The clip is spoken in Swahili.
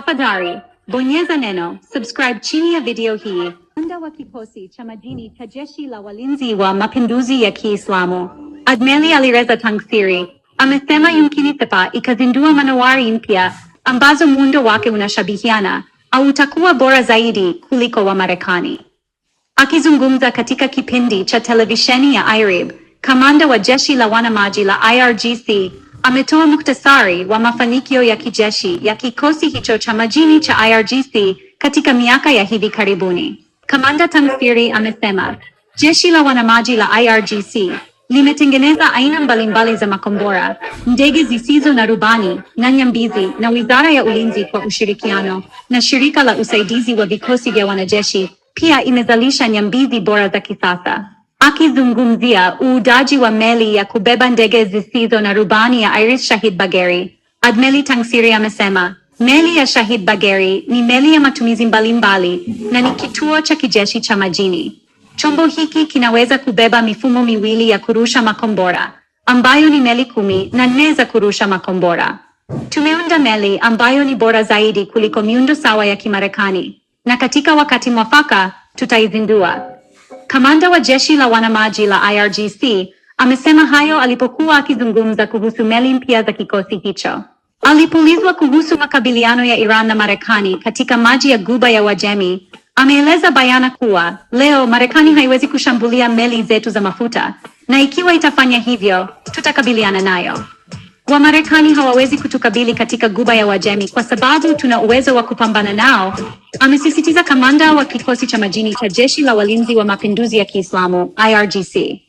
Tafadhali bonyeza neno subscribe chini ya video hii. munda wa kikosi cha majini cha jeshi la walinzi wa mapinduzi ya Kiislamu Admeli alireza Tangsiri amesema yumkini Sepa ikazindua manowari mpya ambazo muundo wake unashabihiana au utakuwa bora zaidi kuliko wa Marekani. Akizungumza katika kipindi cha televisheni ya IRIB, kamanda wa jeshi la wanamaji la IRGC ametoa muktasari wa mafanikio ya kijeshi ya kikosi hicho cha majini cha IRGC katika miaka ya hivi karibuni. Kamanda Tangfiri amesema jeshi la wanamaji la IRGC limetengeneza aina mbalimbali za makombora, ndege zisizo na rubani na nyambizi na Wizara ya Ulinzi kwa ushirikiano na shirika la usaidizi wa vikosi vya wanajeshi pia imezalisha nyambizi bora za kisasa. Akizungumzia uudaji wa meli ya kubeba ndege zisizo na rubani ya Iris Shahid bageri Admeli Tangsiri amesema meli ya Shahid bageri ni meli ya matumizi mbalimbali na ni kituo cha kijeshi cha majini. Chombo hiki kinaweza kubeba mifumo miwili ya kurusha makombora ambayo ni meli kumi na nne za kurusha makombora. Tumeunda meli ambayo ni bora zaidi kuliko miundo sawa ya Kimarekani, na katika wakati mwafaka tutaizindua. Kamanda wa jeshi la wanamaji la IRGC amesema hayo alipokuwa akizungumza kuhusu meli mpya za kikosi hicho. Alipoulizwa kuhusu makabiliano ya Iran na Marekani katika maji ya guba ya wajemi ameeleza bayana kuwa leo Marekani haiwezi kushambulia meli zetu za mafuta na ikiwa itafanya hivyo, tutakabiliana nayo. Wamarekani hawawezi kutukabili katika guba ya wajemi kwa sababu tuna uwezo wa kupambana nao, amesisitiza kamanda wa kikosi cha majini cha Jeshi la Walinzi wa Mapinduzi ya Kiislamu IRGC.